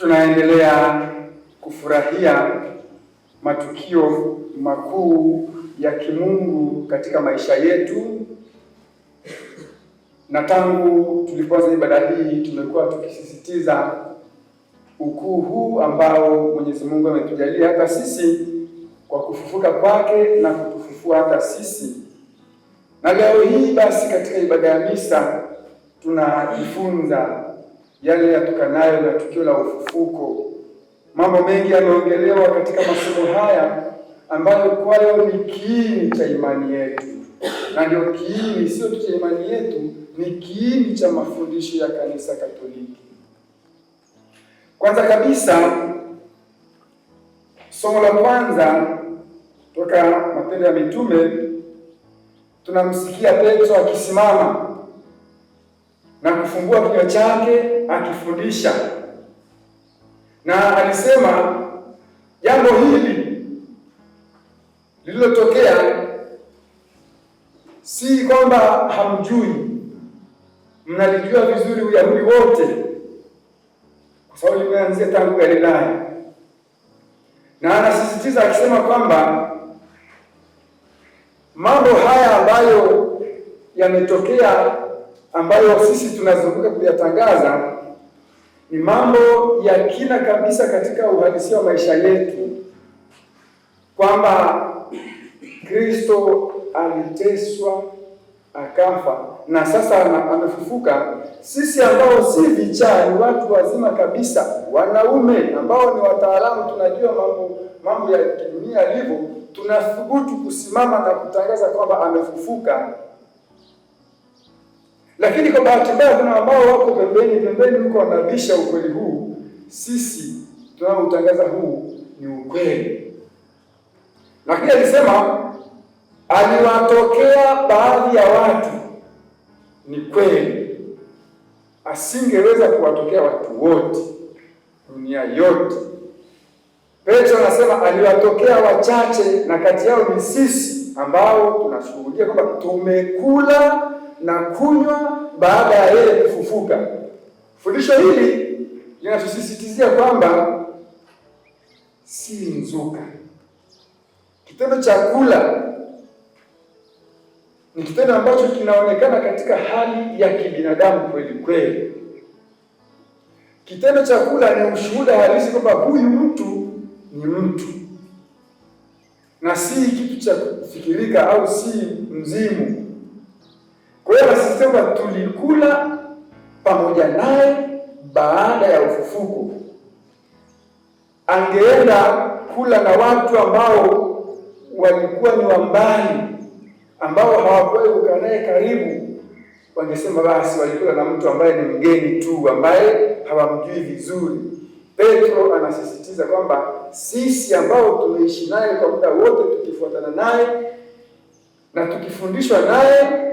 Tunaendelea kufurahia matukio makuu ya kimungu katika maisha yetu, na tangu tulipoanza ibada hii tumekuwa tukisisitiza ukuu huu ambao Mwenyezi Mungu ametujalia hata sisi kwa kufufuka kwake na kutufufua hata sisi. Na leo hii basi, katika ibada ya misa tunajifunza yale yatokanayo na tukio la ufufuko. Mambo mengi yameongelewa katika masomo haya ambayo kwayo ni kiini cha imani yetu, na ndio kiini, sio tu cha imani yetu, ni kiini cha mafundisho ya kanisa Katoliki. Kwanza kabisa, somo la kwanza toka Matendo ya Mitume tunamsikia Petro akisimama na kufungua kinywa chake akifundisha, na alisema jambo hili lililotokea si kwamba hamjui, mnalijua vizuri Uyahudi wote, kwa sababu limeanzia tangu Galilaya. Na anasisitiza akisema kwamba mambo haya ambayo yametokea ambayo sisi tunazunguka kuyatangaza ni mambo ya kina kabisa katika uhalisia wa maisha yetu, kwamba Kristo aliteswa akafa na sasa amefufuka. Sisi ambao si vichaa, ni watu wazima kabisa, wanaume ambao ni wataalamu, tunajua mambo mambo ya kidunia alivyo tunathubutu kusimama na kutangaza kwamba amefufuka. Lakini kwa bahati mbaya, kuna ambao wako pembeni pembeni huko wanabisha ukweli huu. Sisi tunaoutangaza huu ni ukweli, lakini alisema aliwatokea baadhi ya watu, ni kweli, asingeweza kuwatokea watu wote dunia yote. Petro anasema aliwatokea wachache, na kati yao ni sisi ambao tunashuhudia kwamba tumekula na kunywa baada ya yeye kufufuka. Fundisho hili linatusisitizia kwamba si mzuka. Kitendo cha kula ni kitendo ambacho kinaonekana katika hali ya kibinadamu kweli kweli. Kitendo cha kula ni ushuhuda halisi kwamba huyu mtu ni mtu na si kitu cha kufikirika au si mzimu anasema tulikula pamoja naye baada ya ufufuko. Angeenda kula na watu ambao walikuwa ni wambali ambao hawakuwahi kukaa naye karibu, wangesema basi walikula na mtu ambaye ni mgeni tu, ambaye hawamjui vizuri. Petro anasisitiza kwamba sisi ambao tumeishi naye kwa muda wote, tukifuatana naye na tukifundishwa naye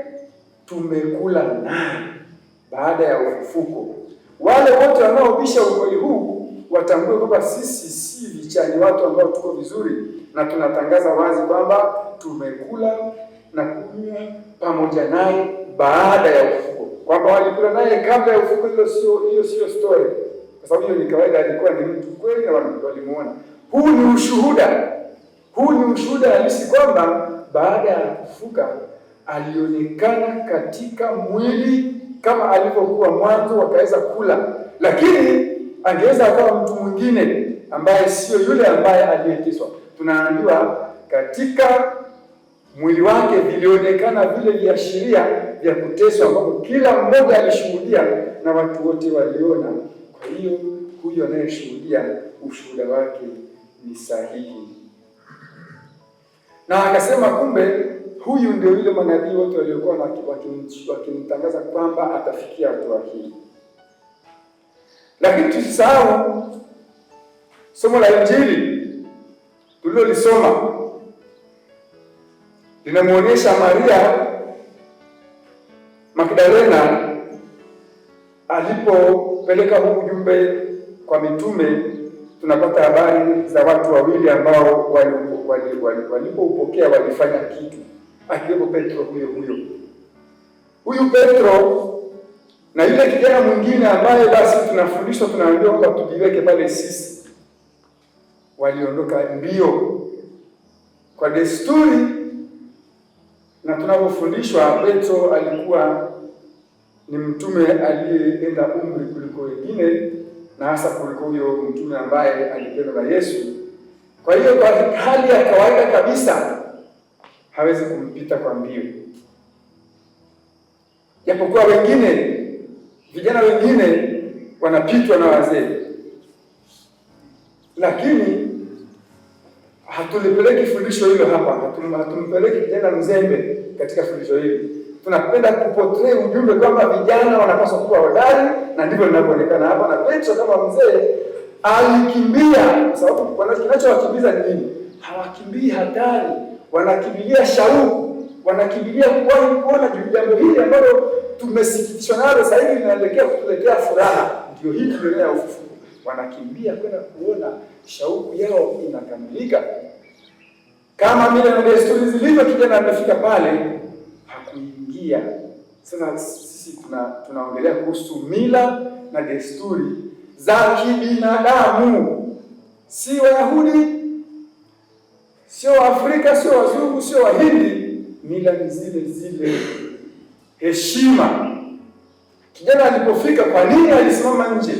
tumekula naye baada ya ufufuko. Wale wote wanaobisha ukweli huu watambue kwamba sisi si vichani, watu ambao tuko vizuri na tunatangaza wazi kwamba tumekula na kunywa pamoja naye baada ya ufufuko, kwamba walikula naye kabla ya ufufuko. Hiyo sio hiyo sio story, kwa sababu hiyo ni kawaida, alikuwa ni mtu kweli na walimuona. Huu ni ushuhuda, huu ni ushuhuda halisi kwamba baada ya kufuka alionekana katika mwili kama alivyokuwa mwanzo, wakaweza kula, lakini angeweza akawa mtu mwingine ambaye sio yule ambaye aliyeitizwa. Tunaambiwa katika mwili wake vilionekana vile viashiria vya kuteswa, ambapo kila mmoja alishuhudia na watu wote waliona. Kwa hiyo huyo anayeshuhudia ushuhuda wake ni sahihi, na akasema kumbe Huyu ndio yule manabii wote waliokuwa wakimtangaza kwamba atafikia hatua hii. Lakini tusisahau somo la Injili tulilolisoma linamwonyesha Maria Magdalena alipopeleka huu ujumbe kwa mitume, tunapata habari za watu wawili ambao walipoupokea walifanya kitu akiwepo Petro huyo huyo huyu Petro na yule kijana mwingine ambaye basi tunafundishwa tunaambiwa kwamba tujiweke pale sisi, waliondoka mbio kwa desturi na tunapofundishwa Petro alikuwa ni mtume aliyeenda umri kuliko wengine na hasa kuliko huyo mtume ambaye alipendwa na Yesu. Kwa hiyo kwa hali ya kawaida kabisa hawezi kumpita kwa mbio, japokuwa wengine vijana wengine wanapitwa na wazee, lakini hatulipeleki fundisho hilo hapa, hatumpeleki kijana mzembe katika fundisho hili. Tunapenda kupotrei ujumbe kwamba vijana wanapaswa kuwa hodari, na ndivyo linavyoonekana hapa, na Petro kama mzee alikimbia, kwa sababu kinachowakimbiza ni nini? Hawakimbii hatari wanakimbilia shauku, wanakimbilia kuwahi kuona juu jambo hili ambalo tumesikitishwa nalo sasa hivi linaelekea kutuletea furaha, ndio hii tunaelea ya Wanakimbia kwenda kuona shauku yao inakamilika, kama mila na desturi zilivyo. Kijana amefika pale, hakuingia. Sasa sisi tuna tunaongelea kuhusu mila na desturi za kibinadamu, si Wayahudi sio Waafrika, sio Wazungu, sio Wahindi, mila ni zile zile. Heshima. Kijana alipofika, kwa nini alisimama nje?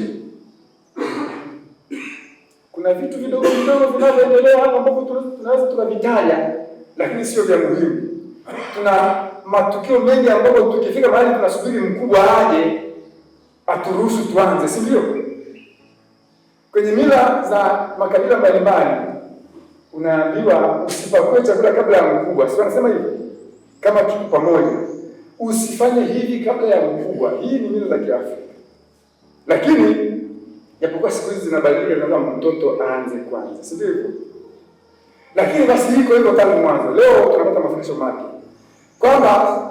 Kuna vitu vidogo vidogo vinavyoendelea hapa ambapo tunaweza tukavitaja lakini sio vya muhimu. Tuna matukio mengi ambapo tukifika mahali tunasubiri mkubwa aje aturuhusu tuanze, si ndio? Kwenye mila za makabila mbalimbali unaambiwa usipakue chakula kabla ya mkubwa, si wanasema hivi? Kama tuko pamoja, usifanye hivi kabla ya mkubwa. Hii ni mila za Kiafrika, lakini japokuwa siku hizi zinabadilika, kama mtoto aanze kwanza, si ndio Lakini basi hiko hivyo tangu mwanzo. Leo tunapata mafundisho mapya kwamba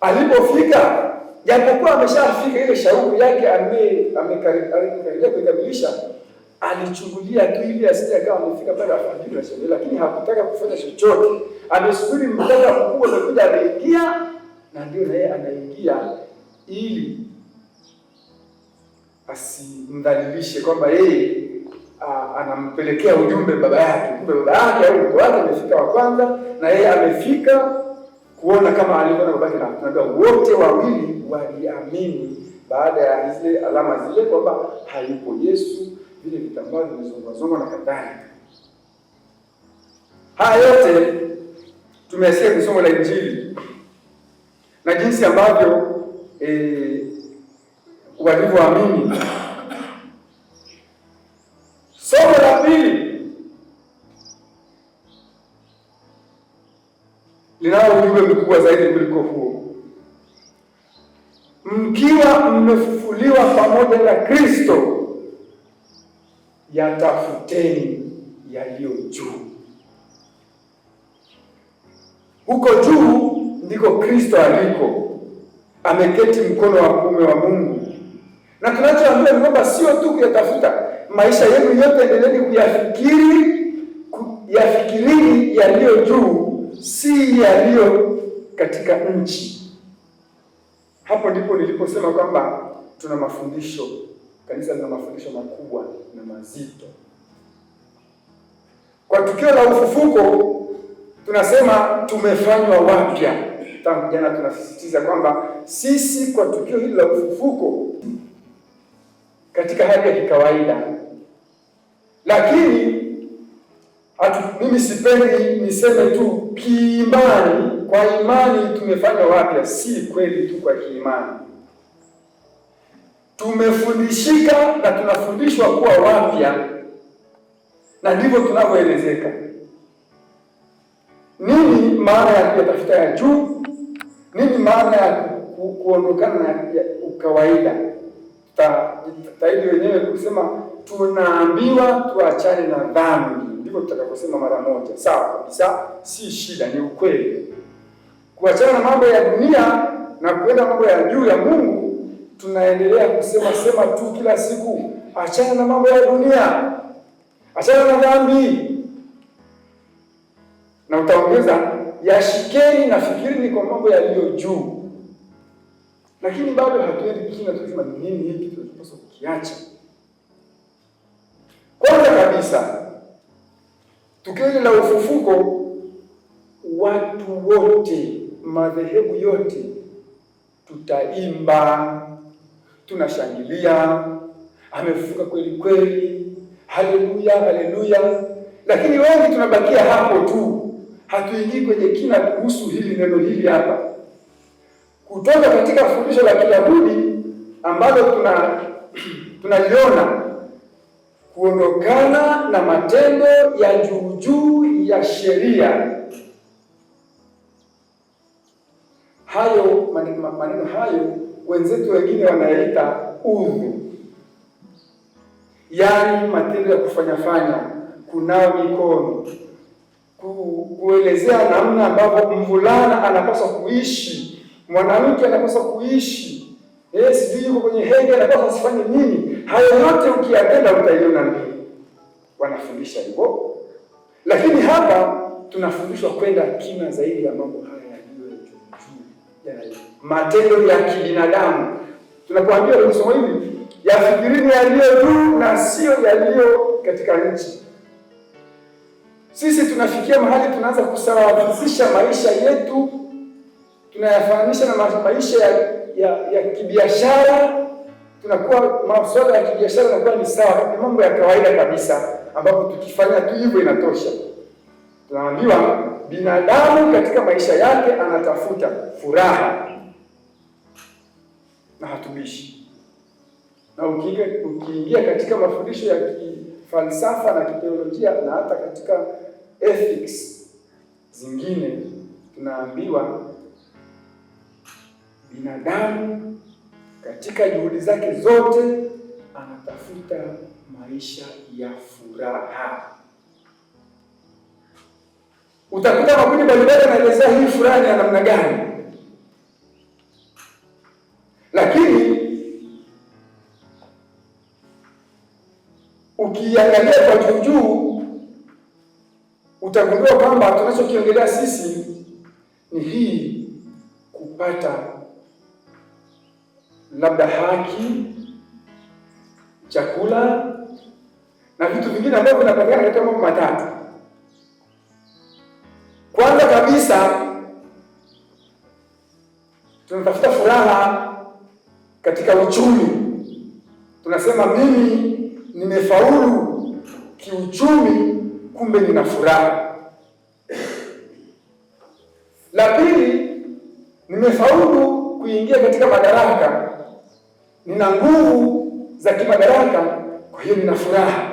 alipofika, japokuwa ameshafika, ile shauku yake amekaribia kuikamilisha alichungulia tu ili asije akawa amefika pale afadhili waseme, lakini hakutaka kufanya chochote. Amesubiri mtaka mkuu amekuja, ameingia na ndio na yeye anaingia ili asimdhalilishe kwamba yeye anampelekea ujumbe baba yake, kumbe baba yake au mko wake amefika wa kwanza, na yeye amefika kuona kama alivyoona yake, na tunaambia wote wawili waliamini baada ya zile alama zile kwamba hayupo Yesu vile vitambaa vimezongwazongwa na kadhalika. Haya yote tumeasia kwenye somo la Injili na jinsi ambavyo e, walivyoamini. Somo la pili linao ujumbe mkubwa zaidi kuliko huo: mkiwa mmefufuliwa pamoja na Kristo yatafuteni yaliyo juu. Huko juu ndiko Kristo aliko, ameketi mkono wa kuume wa Mungu. Na tunachoambia ni kwamba sio tu kuyatafuta, maisha yenu yote endeleeni kuyafikiri, yafikirini yaliyo juu, si yaliyo katika nchi. Hapo ndipo niliposema kwamba tuna mafundisho Kanisa lina mafundisho makubwa na mazito. Kwa tukio la ufufuko tunasema tumefanywa wapya. Tangu jana tunasisitiza kwamba sisi kwa tukio hili la ufufuko katika hali ya kikawaida, lakini hatu, mimi sipendi niseme tu kiimani. Kwa imani tumefanywa wapya, si kweli tu kwa kiimani tumefundishika na tunafundishwa kuwa wapya, na ndivyo tunavyoelezeka. Nini maana ya kuyatafuta ya juu? Nini maana ya kuondokana na ukawaida? Tutahidi wenyewe kusema tunaambiwa tuachane na dhambi, ndivyo tutakaposema mara moja. Sawa kabisa, si shida, ni ukweli. Kuachana na mambo ya dunia na kuenda mambo ya juu ya Mungu tunaendelea kusema sema tu kila siku, achana na mambo ya dunia, achana na dhambi, na utaongeza yashikeni na fikirini kwa mambo yaliyo juu. Lakini bado hatuendi kina, tukisema nini hiki tunapaswa kukiacha. Kwanza kabisa, tukio la ufufuko, watu wote, madhehebu yote, tutaimba tunashangilia, amefufuka kweli kweli, haleluya, haleluya. Lakini wengi tunabakia hapo tu, hatuingii kwenye kina kuhusu hili neno hili hapa, kutoka katika fundisho la Kiyahudi ambalo tuna tunaliona kuondokana na matendo ya juujuu ya sheria. Hayo maneno hayo wenzetu wengine wanaita udhu, yaani matendo ya kufanyafanya, kunawa mikono, kuelezea namna ambavyo mvulana anapaswa kuishi, mwanamke anapaswa kuishi, eh, sijui yuko kwenye hege anapaswa asifanye nini. Hayo yote ukiyatenda utaiona mbili, wanafundisha hivyo, lakini hapa tunafundishwa kwenda kina zaidi ya mambo haya matendo ya kibinadamu. Tunapoambia kwenye somo hili, yafikirini yaliyo juu na sio yaliyo katika nchi. Sisi tunafikia mahali tunaanza kusawazisha maisha yetu, tunayafananisha na maisha ya, ya, ya kibiashara. Tunakuwa masuala ya kibiashara yanakuwa ni sawa, ni mambo ya kawaida kabisa, ambapo tukifanya tu hivyo inatosha. Tunaambiwa binadamu katika maisha yake anatafuta furaha na hatumishi, na ukiingia katika mafundisho ya kifalsafa na kiteolojia na hata katika ethics zingine, tunaambiwa binadamu katika juhudi zake zote anatafuta maisha ya furaha. Utakuta makundi mbalimbali yanaelezea hii fulani ya namna gani, lakini ukiangalia kwa juujuu utagundua kwamba tunachokiongelea sisi ni hii kupata labda haki, chakula na vitu vingine ambavyo vinapatikana katika mambo matatu. kabisa tunatafuta furaha katika uchumi. Tunasema mimi nimefaulu kiuchumi, kumbe nina furaha. La pili, nimefaulu kuingia katika madaraka, nina nguvu za kimadaraka, kwa hiyo nina furaha.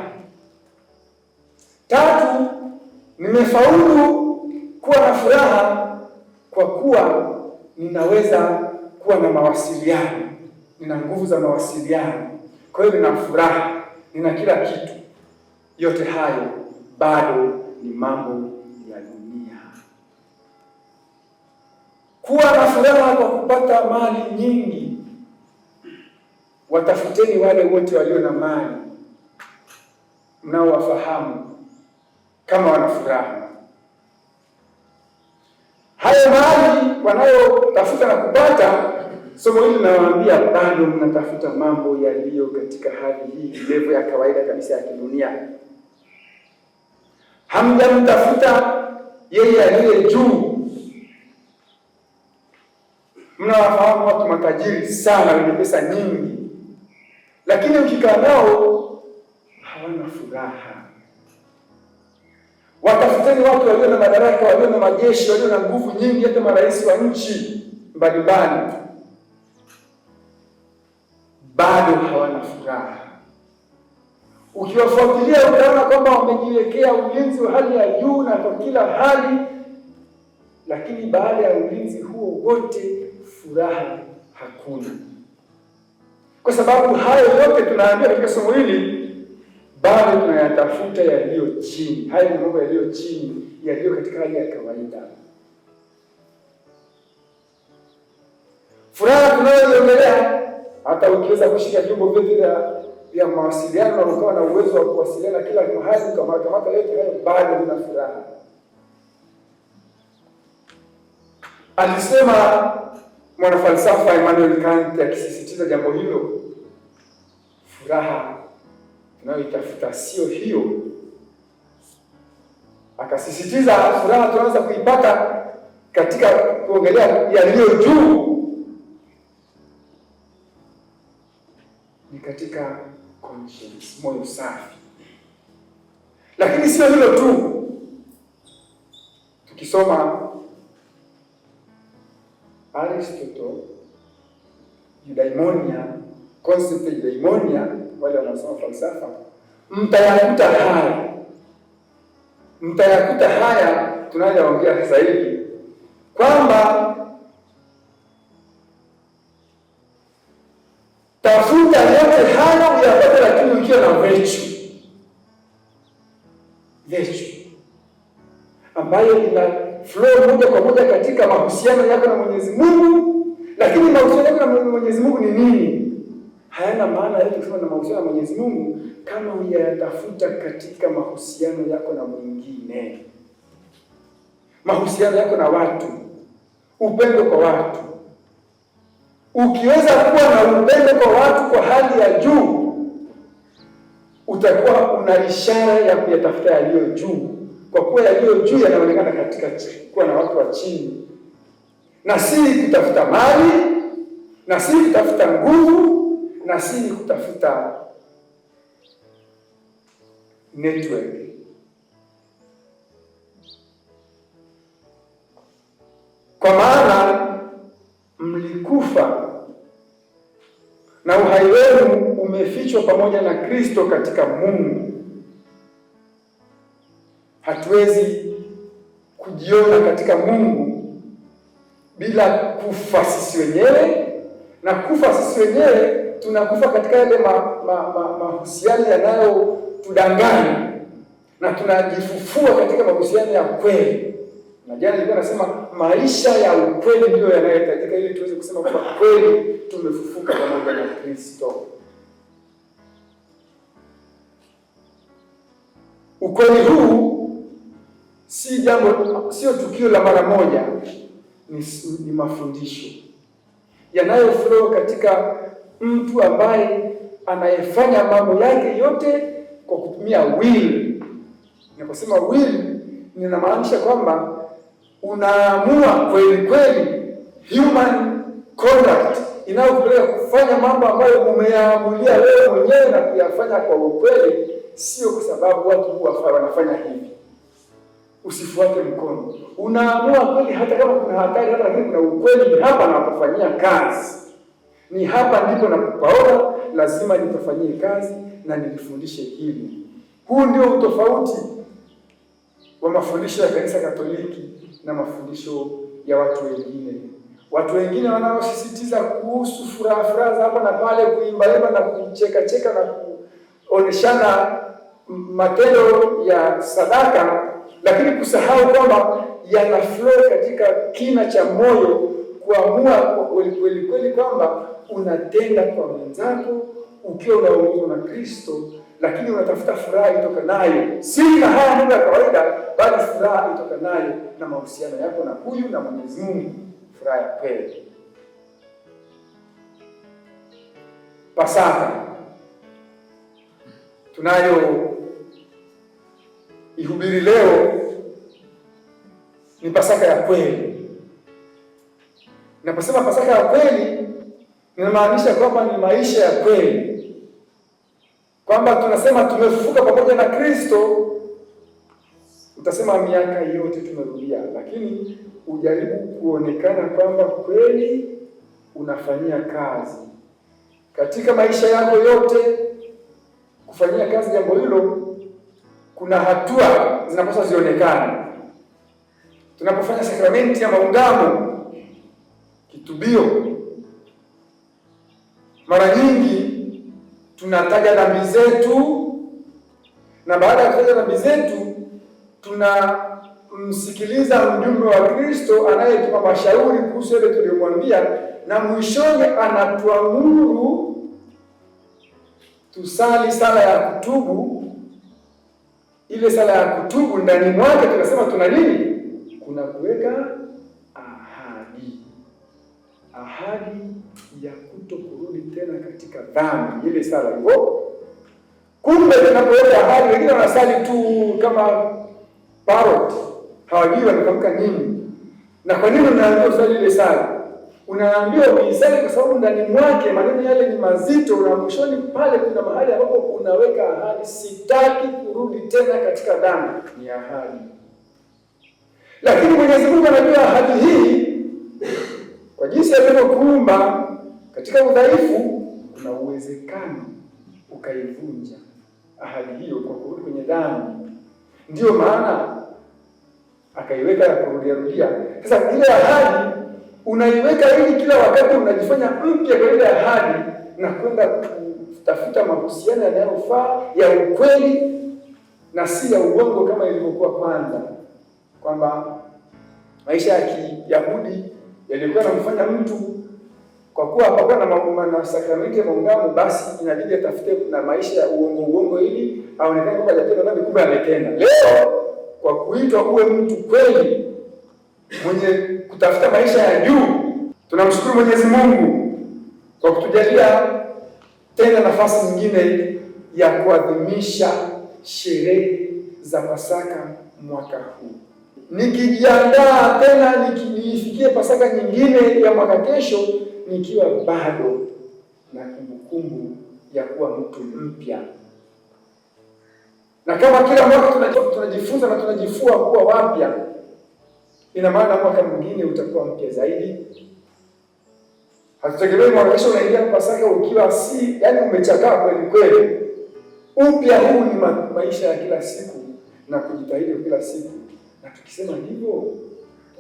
Tatu, nimefaulu kuwa na furaha kwa kuwa ninaweza kuwa na mawasiliano, nina nguvu za mawasiliano, kwa hiyo nina furaha, nina kila kitu. Yote hayo bado ni mambo ya dunia. Kuwa na furaha kwa kupata mali nyingi, watafuteni wale wote walio na mali mnaowafahamu kama wana furaha Hayo mali wanayotafuta na kupata, somo hili nawaambia bado mnatafuta mambo yaliyo katika hali hii levo ya kawaida kabisa ya kidunia. Hamjamtafuta yeye aliye juu. Mnawafahamu watu matajiri sana wenye pesa nyingi, lakini ukikaa nao hawana furaha Watafuteni watu walio na madaraka, walio na majeshi, walio na nguvu nyingi, hata marais wa nchi mbalimbali bado hawana furaha. Ukiwafuatilia utaona kwamba wamejiwekea ulinzi wa hali ya juu na kwa kila hali, lakini baada ya ulinzi huo wote, furaha hakuna, kwa sababu hayo yote tunaambia katika somo hili bali tunayatafuta yaliyo chini, hayo mambo yaliyo chini, yaliyo katika hali ya kawaida. Furaha tunayoiongelea, hata ukiweza kushika vyombo vyote vya mawasiliano na ukawa na uwezo wa kuwasiliana kila mahali, ukamakamata yote hayo, bado kuna furaha. Alisema mwanafalsafa Immanuel Kant akisisitiza jambo hilo, furaha tunayoitafuta sio hiyo. Akasisitiza furaha tunaweza kuipata katika kuongelea yaliyo juu, ni katika conscience, moyo safi. Lakini sio hilo tu, tukisoma Aristotle eudaimonia, concept eudaimonia wale wanaosoma falsafa, mtayakuta haya, mtayakuta haya tunayoongea sasa hivi kwamba tafuta yote haya uyapate, lakini ukiwa na vechu vechu ambayo ina flow moja kwa moja katika mahusiano yako na Mwenyezi Mungu. Lakini mahusiano yako na Mwenyezi Mungu ni nini? hayana maana yote kusema na mahusiano ya Mwenyezi Mungu kama huyatafuta katika mahusiano yako na mwingine, mahusiano yako na watu, upendo kwa watu. Ukiweza kuwa na upendo kwa watu kwa hali ya juu, utakuwa una ishara ya kuyatafuta yaliyo juu, kwa kuwa yaliyo juu yanaonekana katika kuwa na watu wa chini, na si kutafuta mali na si kutafuta nguvu na si kutafuta network kwa maana mlikufa na uhai wenu umefichwa pamoja na Kristo katika Mungu. Hatuwezi kujiona katika Mungu bila kufa sisi wenyewe, na kufa sisi wenyewe tunakufa katika yale mahusiano ma, ma, ma yanayotudanganya na tunajifufua katika mahusiano ya kweli. Na jana nilikuwa nasema maisha ya ukweli ndiyo yanayohitajika ili tuweze kusema kwa kweli tumefufuka pamoja na Kristo. Ukweli huu si jambo, sio tukio la mara moja, ni, ni mafundisho yanayofloa katika mtu ambaye anayefanya mambo yake yote kwa kutumia will. Ninaposema will, ninamaanisha kwamba unaamua kweli kweli human conduct inayokupeleka kufanya mambo ambayo umeyaamulia wewe mwenyewe na kuyafanya kwa ukweli, sio kwa sababu watu huwa wanafanya hivi. Usifuate mkono, unaamua kweli, hata kama kuna hatari, hata lakini kuna ukweli hapa na kufanyia kazi ni hapa ndipo napaona lazima nitafanyie kazi na nilifundishe hili. Huu ndio utofauti wa mafundisho ya kanisa Katoliki na mafundisho ya watu wengine. Watu wengine wanaosisitiza kuhusu furaha furaha za hapa na pale, kuimbaimba na kucheka cheka na kuoneshana matendo ya sadaka, lakini kusahau kwamba yana flow katika kina cha moyo, kuamua kweli kweli kwamba unatenda kwa mwenzako ukiwa unaongozwa na Kristo, lakini unatafuta furaha itoka nayo si na haya mambo ya kawaida, bali furaha itokanayo na mahusiano yako na huyu na Mwenyezi Mungu, furaha ya kweli. Pasaka tunayo ihubiri leo ni Pasaka ya kweli. Naposema Pasaka ya kweli inamaanisha kwamba ni maisha ya kweli, kwamba tunasema tumefufuka pamoja na Kristo. Utasema miaka yote tumerudia, lakini ujaribu kuonekana kwamba kweli unafanyia kazi katika maisha yako yote. Kufanyia kazi jambo hilo, kuna hatua zinapaswa zionekane. Tunapofanya sakramenti ya maungamo, kitubio mara nyingi tunataja dhambi zetu, na baada ya kutaja dhambi zetu tunamsikiliza mjumbe wa Kristo anayetupa mashauri kuhusu yale tuliyomwambia, na mwishoni anatuamuru tusali sala ya kutubu. Ile sala ya kutubu ndani mwake tunasema tuna nini? Kuna kuweka ahadi, ahadi ya kuto kurudi tena katika dhambi ile sala hivyo. Kumbe tunapoweka hali, wengine wanasali tu kama parrot, hawajui wanatamka nini na kwa nini unaambiwa usali ile sala. Unaambiwa uisali kwa sababu ndani mwake maneno yale ni mazito, na mwishoni pale kuna mahali ambapo unaweka ahadi, sitaki kurudi tena katika dhambi, ni ahadi. Lakini Mwenyezi Mungu anajua ahadi hii kwa jinsi alivyokuumba katika udhaifu, kuna uwezekano ukaivunja ahadi hiyo kwa kurudi kwenye dhambi. Ndiyo maana akaiweka ya kurudia rudia. Sasa ile ahadi unaiweka ili kila wakati unajifanya mpya kwa ile ahadi na kwenda kutafuta mahusiano yanayofaa ya ukweli na si ya uongo kama ilivyokuwa kwanza, kwamba maisha ya Kiyahudi yalikuwa yanamfanya mtu kwa kuwa hapakuwa na maumano na sakramenti ya maungamo, basi inabidi atafute na maisha ya uongo uongo, ili aonekane kwamba hajatenda dhambi, kumbe ametenda. Leo kwa kuitwa uwe mtu kweli mwenye kutafuta maisha ya juu, tunamshukuru Mwenyezi Mungu kwa kutujalia tena nafasi nyingine ya kuadhimisha sherehe za Pasaka mwaka huu nikijiandaa tena nikifikie Pasaka nyingine ya mwaka kesho nikiwa bado na kumbukumbu ya kuwa mtu mpya, na kama kila mwaka tunajifunza na tunajifua kuwa wapya, ina maana mwaka mwingine utakuwa mpya zaidi. Hatutegemei mwaka kesho unaingia Pasaka ukiwa si, yani umechakaa kweli kweli. Upya huu ni ma maisha ya kila siku na kujitahidi kila siku, na tukisema hivyo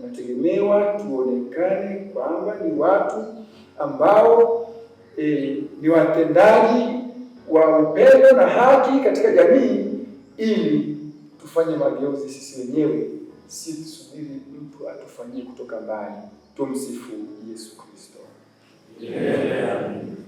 tunategemewa tuonekane kwamba ni watu ambao e, ni watendaji wa upendo na haki katika jamii, ili tufanye mageuzi sisi wenyewe, si tusubiri mtu atufanyie kutoka mbali. Tumsifu Yesu Kristo. Yeah.